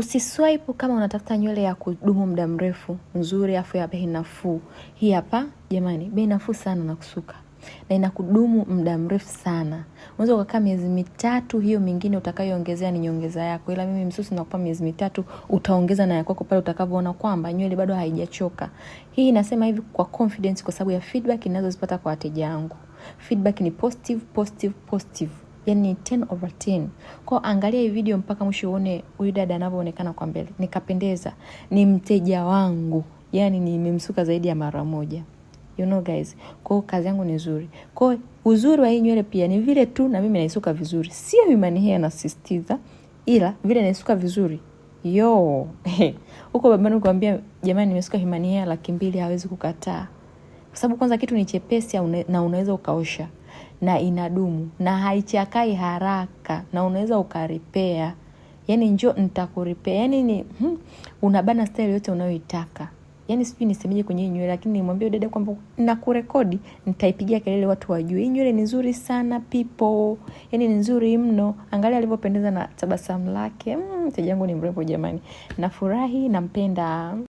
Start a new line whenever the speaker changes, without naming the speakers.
Usiswipe kama unatafuta nywele ya kudumu muda mrefu nzuri, afu ya bei nafuu. Hii hapa jamani, bei nafuu sana na kusuka na inakudumu muda mrefu sana. Unaweza ukakaa miezi mitatu, hiyo mingine utakayoongezea ni nyongeza yako, ila mimi msusi nakupa miezi mitatu, utaongeza na yako pale utakavyoona kwamba nywele bado haijachoka. Hii inasema hivi kwa confidence, kwa sababu ya feedback ninazozipata kwa wateja wangu. Feedback ni positive, positive, positive yani 10 over 10. Kwa angalia hii video mpaka mwisho uone huyu dada anavyoonekana kwa mbele. Nikapendeza, ni mteja wangu. Yaani nimemsuka zaidi ya mara moja. You know guys, kwa kazi yangu ni nzuri. Kwa uzuri wa hii nywele pia ni vile tu na mimi naisuka vizuri. Sio imani hii anasisitiza ila vile naisuka vizuri. Yo. Huko babani ukwambia jamani nimesuka himani hii laki mbili hawezi kukataa. Kwa sababu kwanza kitu ni chepesi na unaweza ukaosha na inadumu na haichakai haraka na unaweza ukaripea, yani njo nitakuripea, yani ni hmm, unabana style yote unayoitaka yani sijui nisemeje kwenye hii nywele, lakini nimwambie dada kwamba na kurekodi nitaipigia kelele watu wajue hii nywele ni nzuri sana people, yani ni nzuri mno. Angalia alivyopendeza na tabasamu lake. Hmm, mteja wangu ni mrembo jamani, nafurahi, nampenda.